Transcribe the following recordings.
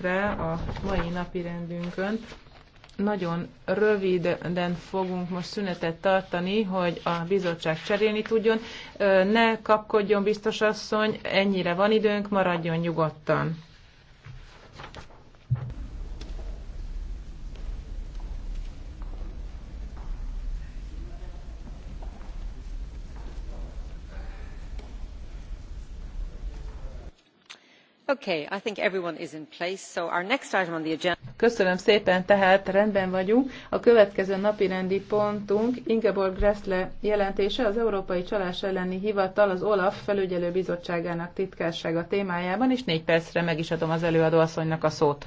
rá a mai napi rendünkön. Nagyon röviden fogunk most szünetet tartani, hogy a bizottság cserélni tudjon. Ne kapkodjon, biztos asszony, ennyire van időnk, maradjon nyugodtan. Köszönöm szépen, tehát rendben vagyunk. A következő napi rendi pontunk Ingeborg grässle jelentése az Európai Csalás elleni Hivatal az OLAF felügyelő bizottságának titkársága témájában, és négy percre meg is adom az asszonynak a szót.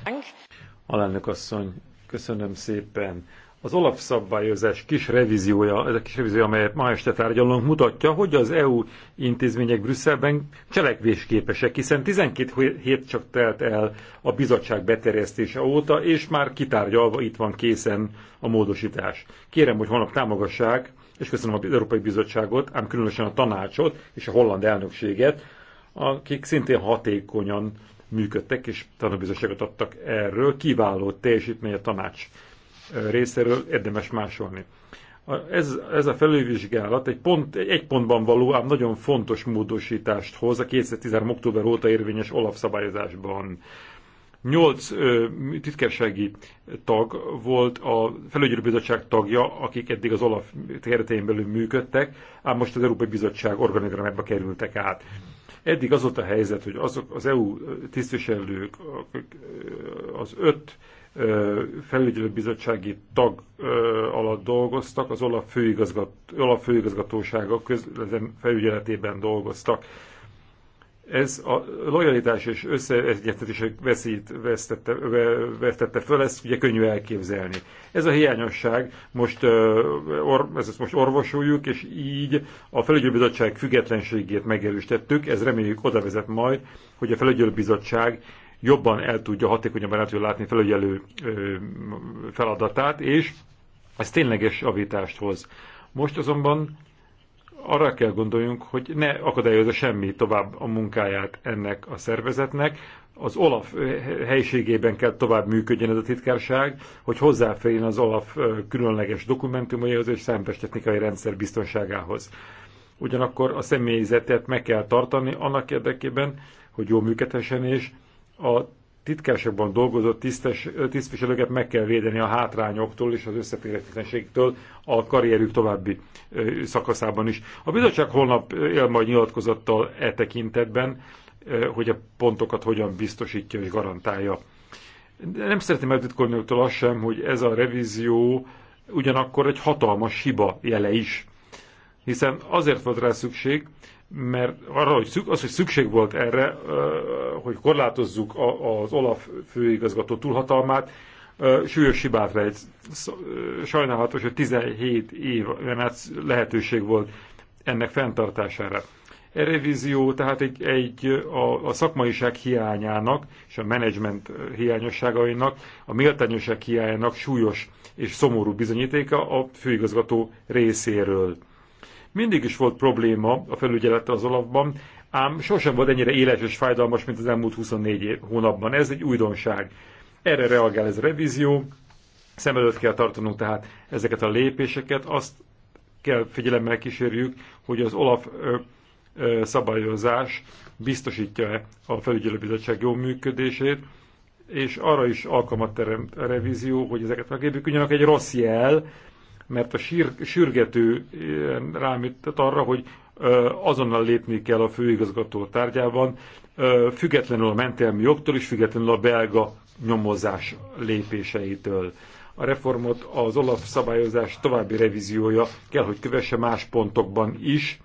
Alelnök asszony, köszönöm szépen. Az alapszabályozás kis revíziója, ez a kis revíziója, amelyet ma este tárgyalunk, mutatja, hogy az EU intézmények Brüsszelben cselekvésképesek, hiszen 12 hét csak telt el a bizottság beterjesztése óta, és már kitárgyalva itt van készen a módosítás. Kérem, hogy holnap támogassák, és köszönöm az Európai Bizottságot, ám különösen a tanácsot és a holland elnökséget, akik szintén hatékonyan működtek, és tanúbizottságot adtak erről. Kiváló teljesítmény a tanács részéről érdemes másolni. Ez, ez a felülvizsgálat egy, pont, egy pontban való, ám nagyon fontos módosítást hoz a 2013. október óta érvényes Olaf szabályozásban. Nyolc ö, titkársági tag volt a felügyelőbizottság tagja, akik eddig az Olaf keretein belül működtek, ám most az Európai Bizottság organigramába kerültek át. Eddig az volt a helyzet, hogy azok az EU tisztviselők, az öt felügyelőbizottsági tag alatt dolgoztak, az OLAF, főigazgat, OLAF főigazgatósága közletem felügyeletében dolgoztak. Ez a lojalitás és összeegyeztetés veszélyt vesztette, vesztette föl, ezt ugye könnyű elképzelni. Ez a hiányosság, most, or, ezt most orvosoljuk, és így a felügyelőbizottság függetlenségét megerősítettük, ez reméljük oda vezet majd, hogy a felügyelőbizottság bizottság jobban el tudja hatékonyabban el tudja látni felügyelő feladatát, és ez tényleges javítást hoz. Most azonban arra kell gondoljunk, hogy ne akadályozza semmi tovább a munkáját ennek a szervezetnek. Az OLAF helységében kell tovább működjön ez a titkárság, hogy hozzáférjen az OLAF különleges dokumentumaihoz és technikai rendszer biztonságához. Ugyanakkor a személyzetet meg kell tartani annak érdekében, hogy jól működhessen és a titkárságban dolgozó tisztes, tisztviselőket meg kell védeni a hátrányoktól és az összeférhetetlenségtől a karrierük további szakaszában is. A bizottság holnap él majd nyilatkozattal e tekintetben, hogy a pontokat hogyan biztosítja és garantálja. De nem szeretném eltitkolni őktől azt sem, hogy ez a revízió ugyanakkor egy hatalmas hiba jele is. Hiszen azért volt rá szükség, mert arra, hogy szük, az, hogy szükség volt erre, hogy korlátozzuk az Olaf főigazgató túlhatalmát, súlyos hibát rejt. Sajnálatos, hogy 17 év lehetőség volt ennek fenntartására. E revízió tehát egy, egy a, a szakmaiság hiányának és a menedzsment hiányosságainak, a méltányosság hiányának súlyos és szomorú bizonyítéka a főigazgató részéről mindig is volt probléma a felügyelettel az Olafban, ám sosem volt ennyire éles és fájdalmas, mint az elmúlt 24 hónapban. Ez egy újdonság. Erre reagál ez a revízió, szem előtt kell tartanunk tehát ezeket a lépéseket, azt kell figyelemmel kísérjük, hogy az Olaf ö, ö, szabályozás biztosítja-e a felügyelőbizottság jó működését, és arra is alkalmat teremt a revízió, hogy ezeket megépjük. Ugyanak egy rossz jel, mert a sír, sürgető eh, rámített arra, hogy eh, azonnal lépni kell a főigazgató tárgyában, eh, függetlenül a mentelmi jogtól és függetlenül a belga nyomozás lépéseitől. A reformot az olaf szabályozás további revíziója kell, hogy kövesse más pontokban is,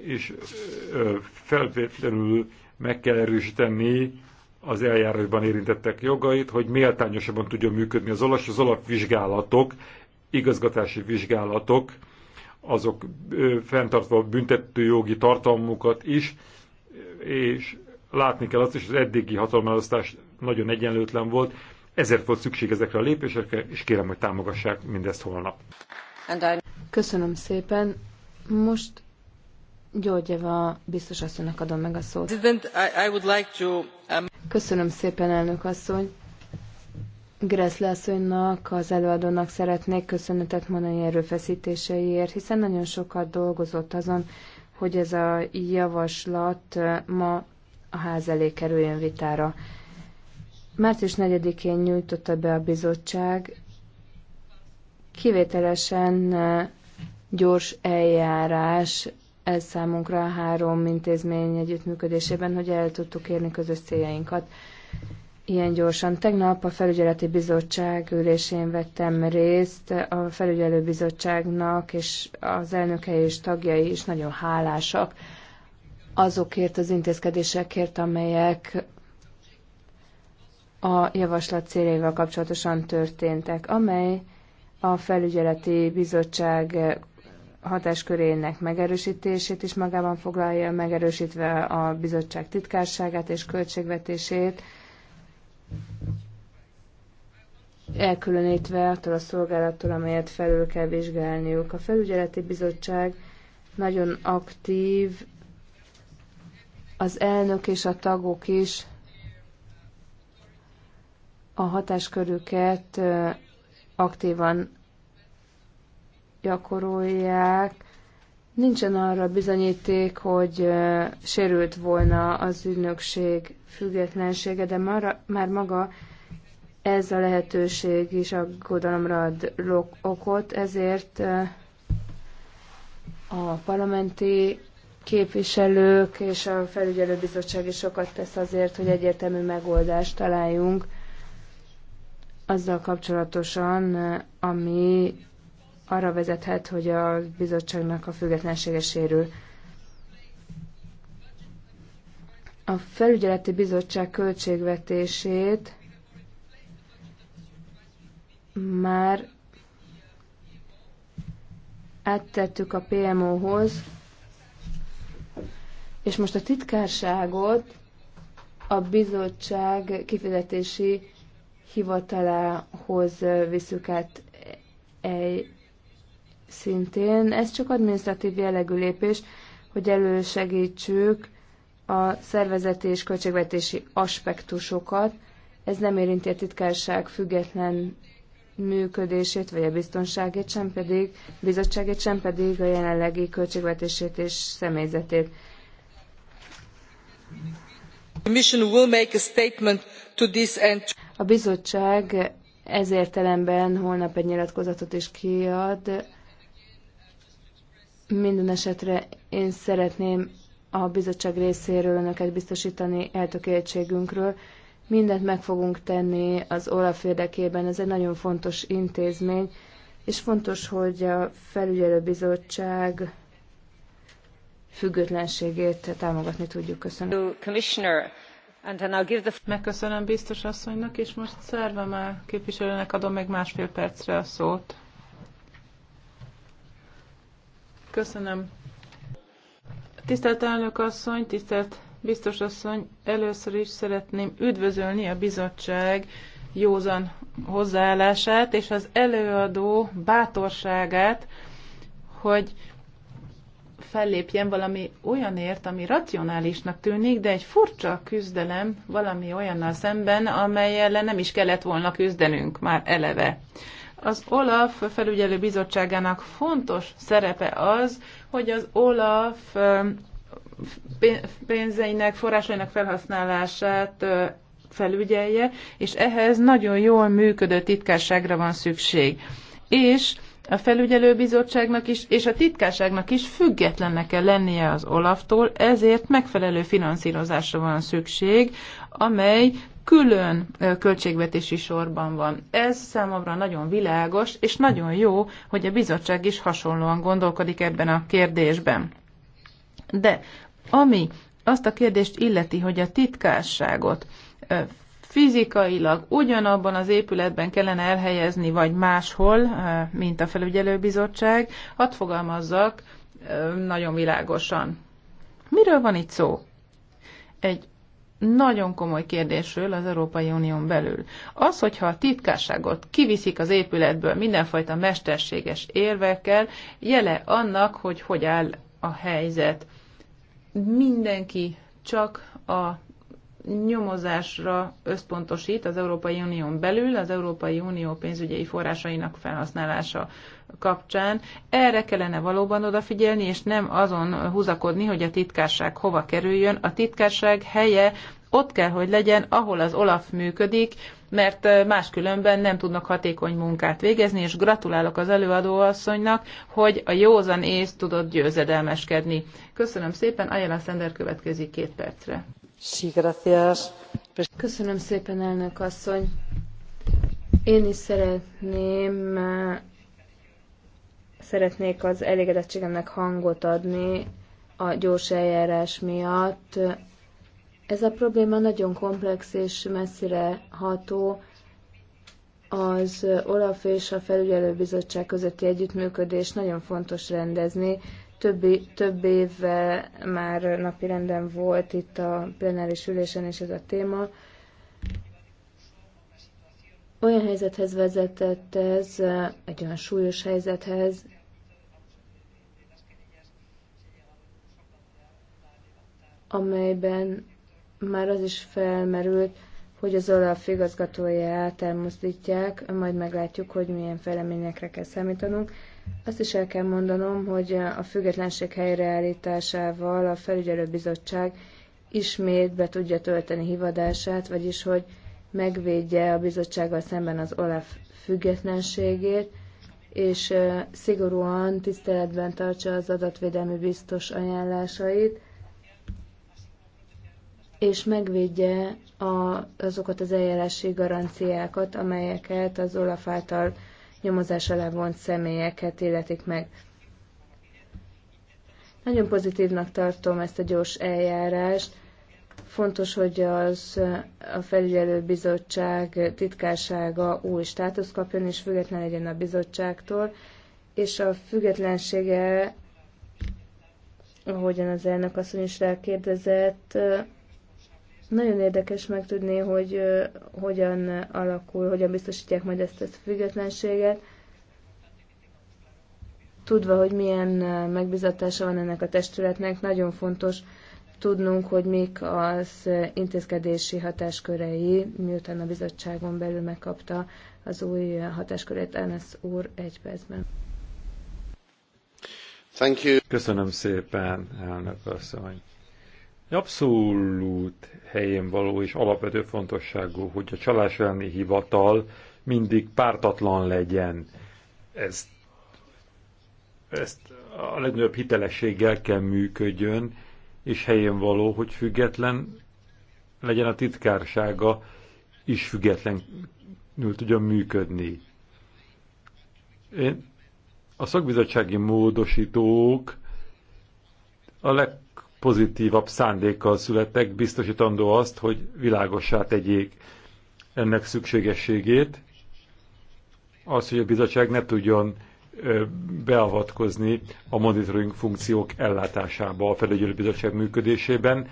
és feltétlenül meg kell erősíteni az eljárásban érintettek jogait, hogy méltányosabban tudjon működni az olasz, az olaf vizsgálatok igazgatási vizsgálatok, azok fenntartva büntetőjogi tartalmukat is, és látni kell azt is, az eddigi hatalmálasztás nagyon egyenlőtlen volt, ezért volt szükség ezekre a lépésekre, és kérem, hogy támogassák mindezt holnap. Köszönöm szépen. Most Györgyeva biztos asszonynak adom meg a szót. Um- Köszönöm szépen, elnök asszony. Gressle asszonynak, az előadónak szeretnék köszönetet mondani erőfeszítéseiért, hiszen nagyon sokat dolgozott azon, hogy ez a javaslat eh, ma a ház elé kerüljön vitára. Március 4-én nyújtotta be a bizottság kivételesen eh, gyors eljárás ez számunkra a három intézmény együttműködésében, hogy el tudtuk érni közös céljainkat ilyen gyorsan. Tegnap a felügyeleti bizottság ülésén vettem részt. A felügyelő bizottságnak és az elnöke és tagjai is nagyon hálásak azokért az intézkedésekért, amelyek a javaslat céljaival kapcsolatosan történtek, amely a felügyeleti bizottság hatáskörének megerősítését is magában foglalja, megerősítve a bizottság titkárságát és költségvetését, elkülönítve attól a szolgálattól, amelyet felül kell vizsgálniuk. A felügyeleti bizottság nagyon aktív, az elnök és a tagok is a hatáskörüket aktívan gyakorolják, Nincsen arra bizonyíték, hogy sérült volna az ügynökség függetlensége, de már, már maga ez a lehetőség is aggodalomra ad okot, ezért a parlamenti képviselők és a felügyelőbizottság is sokat tesz azért, hogy egyértelmű megoldást találjunk azzal kapcsolatosan, ami arra vezethet, hogy a bizottságnak a függetlensége sérül. A felügyeleti bizottság költségvetését már áttettük a PMO-hoz, és most a titkárságot a bizottság kifizetési hivatalához visszük át egy szintén. Ez csak adminisztratív jellegű lépés, hogy elősegítsük a szervezeti és költségvetési aspektusokat. Ez nem érinti a titkárság független működését, vagy a biztonságét sem pedig, bizottságét sem pedig a jelenlegi költségvetését és személyzetét. A bizottság ez értelemben holnap egy nyilatkozatot is kiad, minden esetre én szeretném a bizottság részéről önöket biztosítani eltökéltségünkről. Mindent meg fogunk tenni az OLAF érdekében, ez egy nagyon fontos intézmény, és fontos, hogy a felügyelőbizottság függetlenségét támogatni tudjuk. Köszönöm. Megköszönöm biztos asszonynak, és most már képviselőnek adom meg másfél percre a szót. Köszönöm. Tisztelt elnök asszony, tisztelt biztos asszony, először is szeretném üdvözölni a bizottság józan hozzáállását és az előadó bátorságát, hogy fellépjen valami olyanért, ami racionálisnak tűnik, de egy furcsa küzdelem valami olyannal szemben, amely ellen nem is kellett volna küzdenünk már eleve. Az OLAF felügyelő bizottságának fontos szerepe az, hogy az OLAF pénzeinek, forrásainak felhasználását felügyelje, és ehhez nagyon jól működő titkárságra van szükség. És a felügyelőbizottságnak is, és a titkárságnak is függetlennek kell lennie az Olaftól, ezért megfelelő finanszírozásra van szükség, amely külön költségvetési sorban van. Ez számomra nagyon világos, és nagyon jó, hogy a bizottság is hasonlóan gondolkodik ebben a kérdésben. De ami azt a kérdést illeti, hogy a titkárságot fizikailag ugyanabban az épületben kellene elhelyezni, vagy máshol, mint a felügyelőbizottság, hadd fogalmazzak nagyon világosan. Miről van itt szó? Egy nagyon komoly kérdésről az Európai Unión belül. Az, hogyha a titkárságot kiviszik az épületből mindenfajta mesterséges érvekkel, jele annak, hogy hogy áll a helyzet. Mindenki csak a nyomozásra összpontosít az Európai Unión belül, az Európai Unió pénzügyi forrásainak felhasználása kapcsán. Erre kellene valóban odafigyelni, és nem azon húzakodni, hogy a titkárság hova kerüljön. A titkárság helye ott kell, hogy legyen, ahol az OLAF működik, mert máskülönben nem tudnak hatékony munkát végezni, és gratulálok az előadóasszonynak, hogy a józan ész tudott győzedelmeskedni. Köszönöm szépen, Ajala Szender következik két percre. Köszönöm szépen, elnök asszony. Én is szeretném, szeretnék az elégedettségemnek hangot adni a gyors eljárás miatt. Ez a probléma nagyon komplex és messzire ható. Az Olaf és a felügyelőbizottság közötti együttműködés nagyon fontos rendezni, több, több éve már napirenden volt itt a plenáris ülésen is ez a téma. Olyan helyzethez vezetett ez, egy olyan súlyos helyzethez, amelyben már az is felmerült, hogy az Olaf igazgatóját elmozdítják, majd meglátjuk, hogy milyen fejleményekre kell számítanunk. Azt is el kell mondanom, hogy a függetlenség helyreállításával a felügyelőbizottság ismét be tudja tölteni hivadását, vagyis hogy megvédje a bizottsággal szemben az OLAF függetlenségét, és szigorúan tiszteletben tartsa az adatvédelmi biztos ajánlásait, és megvédje a, azokat az eljárási garanciákat, amelyeket az OLAF által nyomozás alá vont személyeket életik meg. Nagyon pozitívnak tartom ezt a gyors eljárást. Fontos, hogy az a bizottság titkársága új státusz kapjon, és független legyen a bizottságtól, és a függetlensége, ahogyan az elnök asszony is rákérdezett, nagyon érdekes megtudni, hogy hogyan alakul, hogyan biztosítják majd ezt a függetlenséget, tudva, hogy milyen megbizatása van ennek a testületnek, nagyon fontos tudnunk, hogy mik az intézkedési hatáskörei, miután a bizottságon belül megkapta az új hatáskörét Enes úr egy percben. Thank you. Köszönöm szépen, elnök asszony. Abszolút helyén való és alapvető fontosságú, hogy a csalás elleni hivatal mindig pártatlan legyen. Ezt, ezt a legnagyobb hitelességgel kell működjön, és helyén való, hogy független legyen a titkársága, is függetlenül tudjon működni. Én a szakbizottsági módosítók a leg pozitívabb szándékkal születtek, biztosítandó azt, hogy világossá tegyék ennek szükségességét, az, hogy a bizottság ne tudjon beavatkozni a monitoring funkciók ellátásába, a felügyelő bizottság működésében.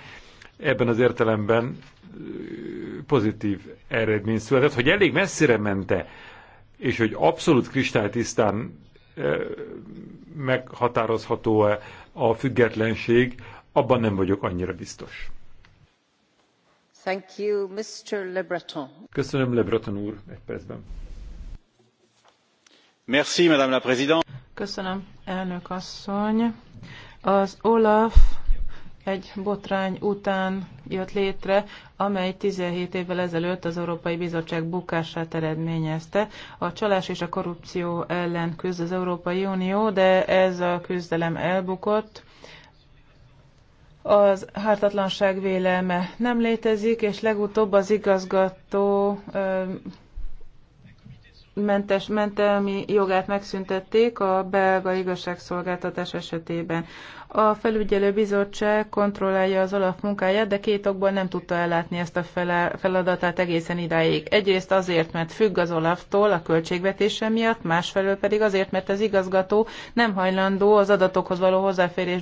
Ebben az értelemben pozitív eredmény született, hogy elég messzire mente, és hogy abszolút kristálytisztán meghatározható-e a függetlenség abban nem vagyok annyira biztos. Thank you, Mr. Le Breton. Köszönöm, Le Breton úr, egy percben. Merci, Madame la Présidente. Köszönöm, elnök asszony. Az Olaf egy botrány után jött létre, amely 17 évvel ezelőtt az Európai Bizottság bukását eredményezte. A csalás és a korrupció ellen küzd az Európai Unió, de ez a küzdelem elbukott az hártatlanság vélelme nem létezik, és legutóbb az igazgató mentes mentelmi jogát megszüntették a belga igazságszolgáltatás esetében. A felügyelő bizottság kontrollálja az alap munkáját, de két okból nem tudta ellátni ezt a feladatát egészen idáig. Egyrészt azért, mert függ az olaftól a költségvetése miatt, másfelől pedig azért, mert az igazgató nem hajlandó az adatokhoz való hozzáférés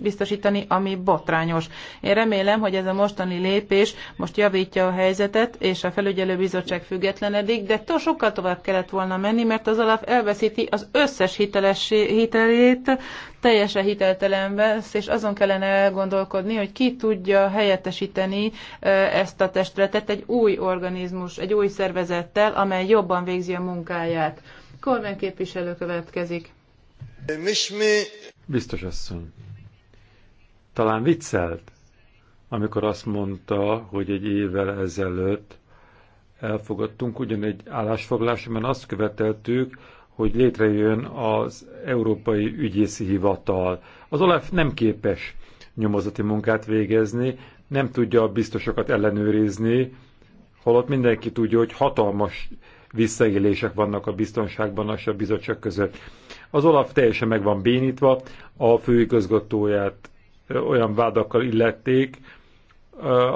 biztosítani, ami botrányos. Én remélem, hogy ez a mostani lépés most javítja a helyzetet, és a felügyelő bizottság függetlenedik, de to sokkal tovább kellett volna menni, mert az alap elveszíti az összes hitelessé, hitelét, teljesen hiteltelen vesz, és azon kellene elgondolkodni, hogy ki tudja helyettesíteni ezt a testületet egy új organizmus, egy új szervezettel, amely jobban végzi a munkáját. Kormány képviselő következik. Biztos asszony. Talán viccelt, amikor azt mondta, hogy egy évvel ezelőtt elfogadtunk ugyan egy állásfoglalást, mert azt követeltük, hogy létrejön az Európai Ügyészi Hivatal. Az OLAF nem képes nyomozati munkát végezni, nem tudja a biztosokat ellenőrizni, holott mindenki tudja, hogy hatalmas visszaélések vannak a biztonságban és a bizottság között. Az Olaf teljesen meg van bénítva, a főigazgatóját olyan vádakkal illették,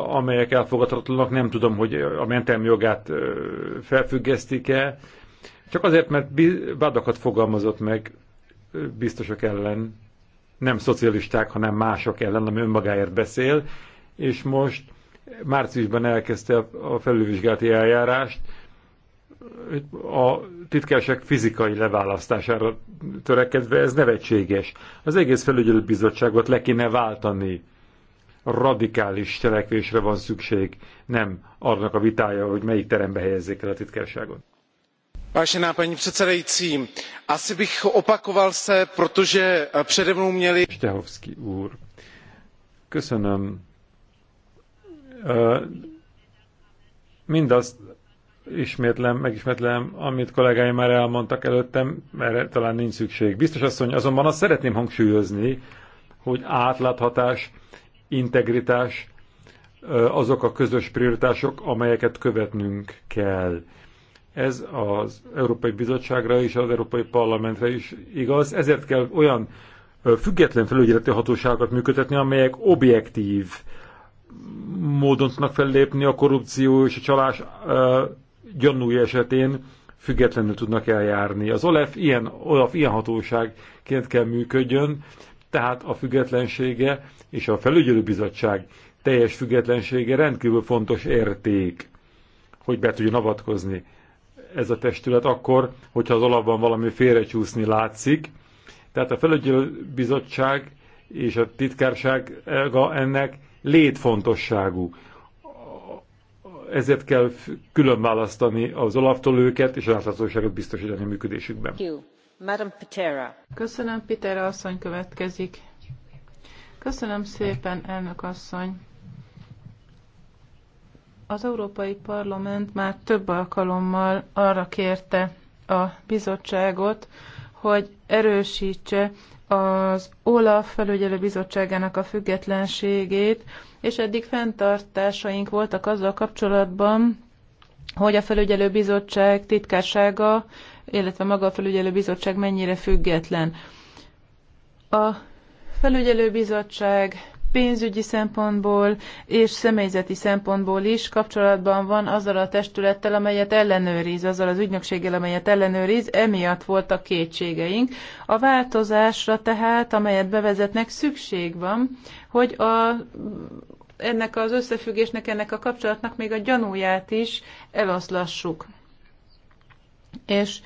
amelyek elfogadhatatlanak, nem tudom, hogy a mentelmi jogát felfüggesztik-e, csak azért, mert vádakat fogalmazott meg biztosok ellen, nem szocialisták, hanem mások ellen, ami önmagáért beszél, és most márciusban elkezdte a felülvizsgálati eljárást, a titkárság fizikai leválasztására törekedve, ez nevetséges. Az egész felügyelőbizottságot le kéne váltani. Radikális cselekvésre van szükség, nem annak a vitája, hogy melyik terembe helyezzék el a titkárságot paní předsedající asi bych opakoval protože přede mnou měli. stehovski úr köszönöm mindazt ismétlem, megismétlem, amit kollégáim már elmondtak előttem, erre talán nincs szükség. Biztos asszony, azonban azt szeretném hangsúlyozni, hogy átláthatás, integritás azok a közös prioritások, amelyeket követnünk kell ez az Európai Bizottságra és az Európai Parlamentre is igaz. Ezért kell olyan független felügyeleti hatóságokat működtetni, amelyek objektív módon tudnak fellépni a korrupció és a csalás gyanúja esetén, függetlenül tudnak eljárni. Az OLAF ilyen, OLAF ilyen hatóságként kell működjön, tehát a függetlensége és a felügyelőbizottság teljes függetlensége rendkívül fontos érték, hogy be tudjon avatkozni ez a testület akkor, hogyha az alapban valami félrecsúszni látszik. Tehát a felügyelőbizottság és a titkárság ennek létfontosságú. Ezért kell külön választani az alaptól őket, és láthatóságot biztosítani a működésükben. Köszönöm, Pitera asszony következik. Köszönöm szépen, elnök asszony. Az Európai Parlament már több alkalommal arra kérte a bizottságot, hogy erősítse az OLAF felügyelő bizottságának a függetlenségét, és eddig fenntartásaink voltak azzal kapcsolatban, hogy a felügyelő bizottság titkársága, illetve maga a felügyelő bizottság mennyire független. A felügyelő bizottság pénzügyi szempontból és személyzeti szempontból is kapcsolatban van azzal a testülettel, amelyet ellenőriz, azzal az ügynökséggel, amelyet ellenőriz, emiatt voltak kétségeink. A változásra tehát, amelyet bevezetnek, szükség van, hogy a ennek az összefüggésnek, ennek a kapcsolatnak még a gyanúját is eloszlassuk. És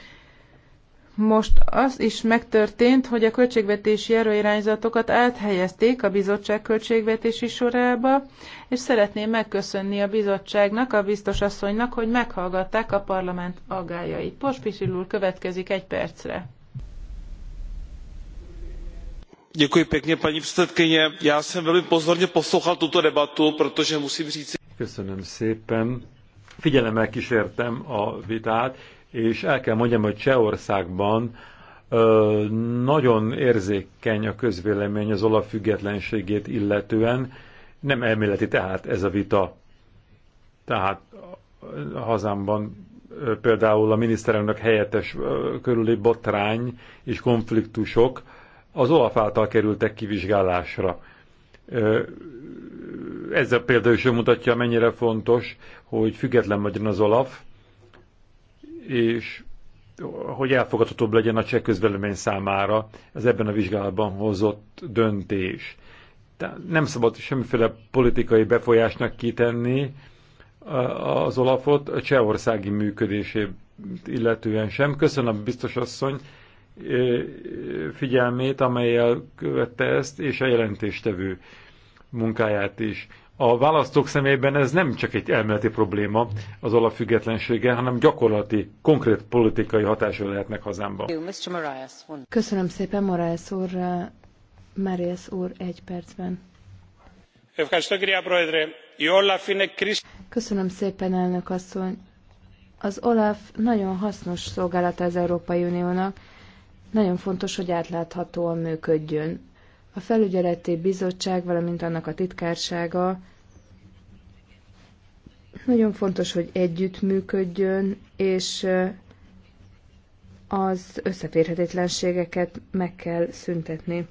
most az is megtörtént, hogy a költségvetési erőirányzatokat áthelyezték a bizottság költségvetési sorába, és szeretném megköszönni a bizottságnak, a biztosasszonynak, hogy meghallgatták a parlament aggájait. Pospisil úr következik egy percre. Děkuji pěkně, paní předsedkyně. Já jsem velmi pozorně poslouchal tuto debatu, protože musím říct... Köszönöm szépen. Figyelemmel kísértem a vitát, és el kell mondjam, hogy Csehországban ö, nagyon érzékeny a közvélemény az olaf függetlenségét illetően, nem elméleti tehát ez a vita. Tehát a hazámban ö, például a miniszterelnök helyettes ö, körüli botrány és konfliktusok az olaf által kerültek kivizsgálásra. Ö, ez a példa is mutatja, mennyire fontos, hogy független legyen az Olaf, és hogy elfogadhatóbb legyen a cseh közvelemény számára ez ebben a vizsgálatban hozott döntés. Tehát nem szabad semmiféle politikai befolyásnak kitenni az Olafot a csehországi működését illetően sem. Köszönöm biztos asszony figyelmét, amelyel követte ezt, és a jelentéstevő munkáját is a választók szemében ez nem csak egy elméleti probléma az alapfüggetlensége, hanem gyakorlati, konkrét politikai hatása lehetnek hazámban. Köszönöm szépen, Morales úr. Uh, Marias úr, egy percben. Köszönöm szépen, elnök asszony. Az OLAF nagyon hasznos szolgálata az Európai Uniónak. Nagyon fontos, hogy átláthatóan működjön. A felügyeleti bizottság, valamint annak a titkársága nagyon fontos, hogy együttműködjön, és eh, az összeférhetetlenségeket meg kell szüntetni.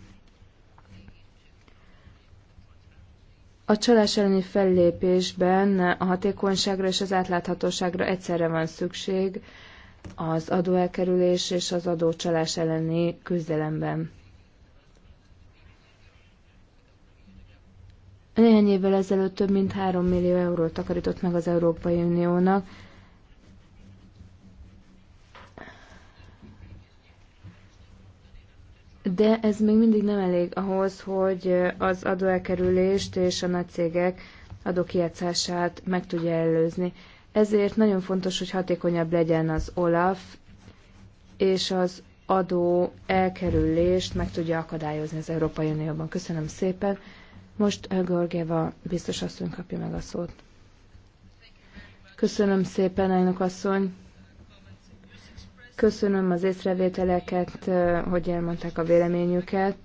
A csalás elleni fellépésben a hatékonyságra és az átláthatóságra egyszerre van szükség az adóelkerülés és az adócsalás elleni küzdelemben. Néhány évvel ezelőtt több mint 3 millió eurót takarított meg az Európai Uniónak. De ez még mindig nem elég ahhoz, hogy az adóelkerülést és a nagy cégek adókijátszását meg tudja előzni. Ezért nagyon fontos, hogy hatékonyabb legyen az OLAF, és az adó elkerülést meg tudja akadályozni az Európai Unióban. Köszönöm szépen! Most eh, Gorgeva biztos asszony kapja meg a szót. Köszönöm szépen, elnök asszony. Köszönöm az észrevételeket, eh, hogy elmondták a véleményüket.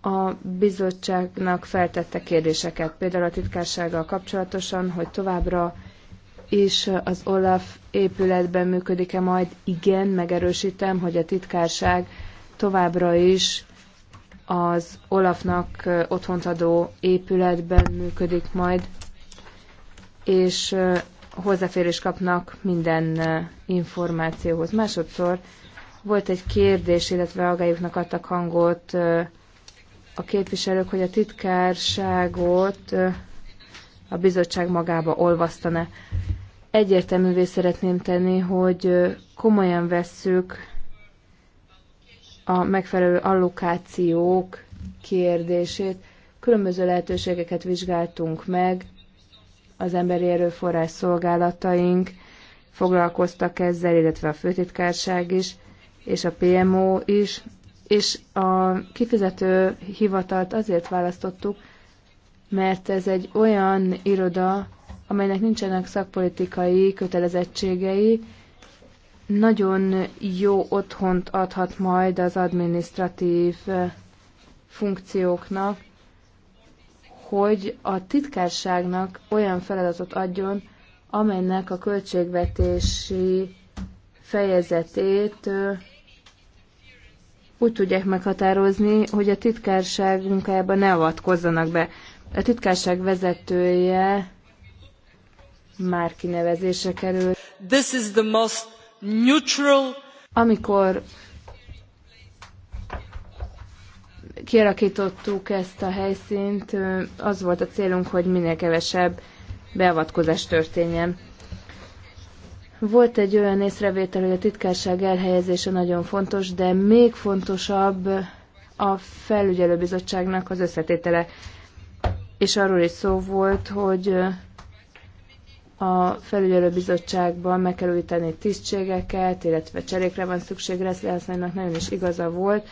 A bizottságnak feltette kérdéseket, például a titkársággal kapcsolatosan, hogy továbbra is az OLAF épületben működik-e majd. Igen, megerősítem, hogy a titkárság továbbra is az Olafnak otthont adó épületben működik majd, és hozzáférés kapnak minden információhoz. Másodszor volt egy kérdés, illetve aggályuknak adtak hangot a képviselők, hogy a titkárságot a bizottság magába olvasztana. Egyértelművé szeretném tenni, hogy komolyan vesszük a megfelelő allokációk kérdését. Különböző lehetőségeket vizsgáltunk meg, az emberi erőforrás szolgálataink foglalkoztak ezzel, illetve a főtitkárság is, és a PMO is, és a kifizető hivatalt azért választottuk, mert ez egy olyan iroda, amelynek nincsenek szakpolitikai kötelezettségei, nagyon jó otthont adhat majd az administratív eh, funkcióknak, hogy a titkárságnak olyan feladatot adjon, amelynek a költségvetési fejezetét eh, úgy tudják meghatározni, hogy a titkárság munkájába ne avatkozzanak be. A titkárság vezetője már kinevezése kerül. This is the most neutral... Amikor kirakítottuk ezt a helyszínt, az volt a célunk, hogy minél kevesebb beavatkozás történjen. Volt egy olyan észrevétel, hogy a titkárság elhelyezése nagyon fontos, de még fontosabb a felügyelőbizottságnak az összetétele. És arról is szó volt, hogy a felügyelőbizottságban meg kell újítani tisztségeket, illetve cserékre van szükség, Reszlihasznának nagyon is igaza volt.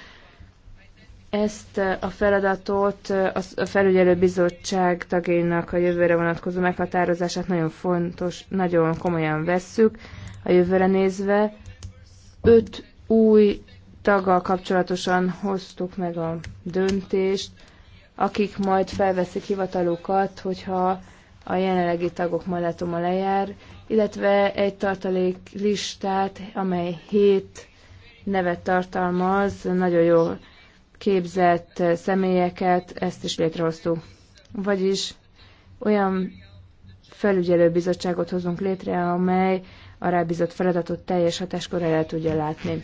Ezt a feladatot a felügyelőbizottság tagjainak a jövőre vonatkozó meghatározását nagyon fontos, nagyon komolyan vesszük a jövőre nézve. Öt új taggal kapcsolatosan hoztuk meg a döntést, akik majd felveszik hivatalukat, hogyha a jelenlegi tagok mandátuma lejár, illetve egy tartalék listát, amely hét nevet tartalmaz, nagyon jó képzett személyeket, ezt is létrehoztuk. Vagyis olyan felügyelőbizottságot hozunk létre, amely a rábízott feladatot teljes hatáskor el tudja látni.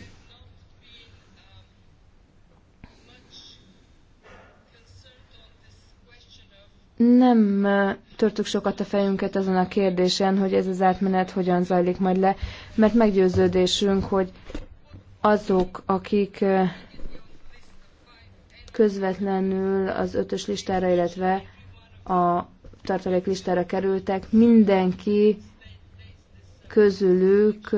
nem törtük sokat a fejünket azon a kérdésen, hogy ez az átmenet hogyan zajlik majd le, mert meggyőződésünk, hogy azok, akik közvetlenül az ötös listára, illetve a tartalék listára kerültek, mindenki közülük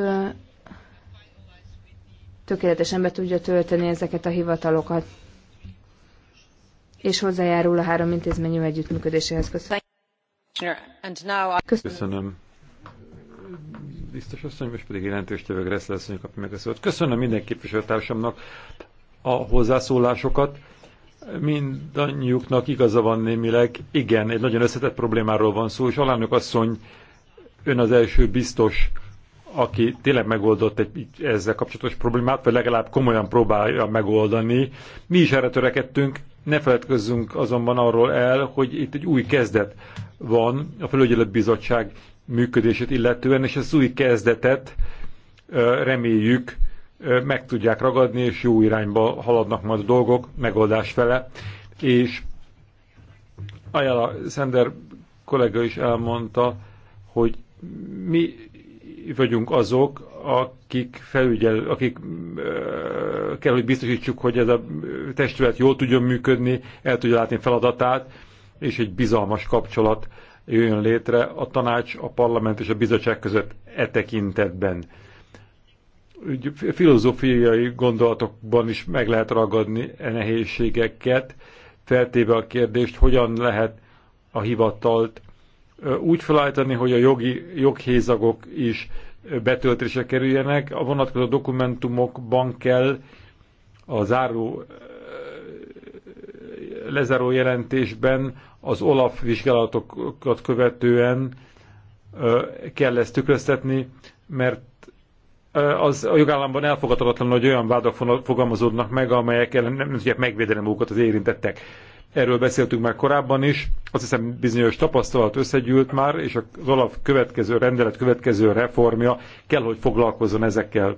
tökéletesen be tudja tölteni ezeket a hivatalokat és hozzájárul a három intézményű együttműködéséhez. Köszönöm. Köszönöm. Biztos asszony, most pedig jelentős tövög Reszle asszony kapja meg a szót. Köszönöm minden képviselőtársamnak a hozzászólásokat. Mindannyiuknak igaza van némileg. Igen, egy nagyon összetett problémáról van szó, és alánok asszony, ön az első biztos, aki tényleg megoldott egy ezzel kapcsolatos problémát, vagy legalább komolyan próbálja megoldani. Mi is erre törekedtünk, ne feledkezzünk azonban arról el, hogy itt egy új kezdet van a Bizottság működését illetően, és az új kezdetet reméljük meg tudják ragadni, és jó irányba haladnak majd a dolgok, megoldás fele. És Ajala Szender kollega is elmondta, hogy mi vagyunk azok, akik felügyel, akik ö, kell, hogy biztosítsuk, hogy ez a testület jól tudjon működni, el tudja látni feladatát, és egy bizalmas kapcsolat jöjjön létre a tanács, a parlament és a bizottság között e tekintetben. Úgy, filozófiai gondolatokban is meg lehet ragadni e nehézségeket, feltéve a kérdést, hogyan lehet a hivatalt úgy felállítani, hogy a jogi joghézagok is betöltésre kerüljenek. A vonatkozó dokumentumokban kell a záró eh, lezáró jelentésben az OLAF vizsgálatokat követően eh, kell ezt tükröztetni, mert eh, az a jogállamban elfogadhatatlan, hogy olyan vádak fogalmazódnak meg, amelyek ellen nem, nem tudják megvédeni magukat az érintettek. Erről beszéltünk már korábban is, azt hiszem bizonyos tapasztalat összegyűlt már, és az alap következő rendelet következő reformja kell, hogy foglalkozzon ezekkel.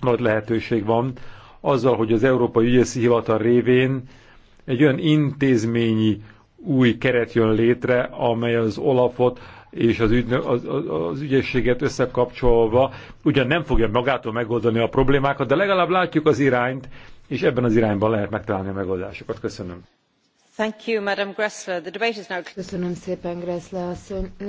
Nagy lehetőség van azzal, hogy az Európai Ügyészi Hivatal révén egy olyan intézményi új keret jön létre, amely az Olafot és az, ügy, az, az ügyességet összekapcsolva ugyan nem fogja magától megoldani a problémákat, de legalább látjuk az irányt, és ebben az irányban lehet megtalálni a megoldásokat. Köszönöm. Köszönöm szépen, Gressle asszony.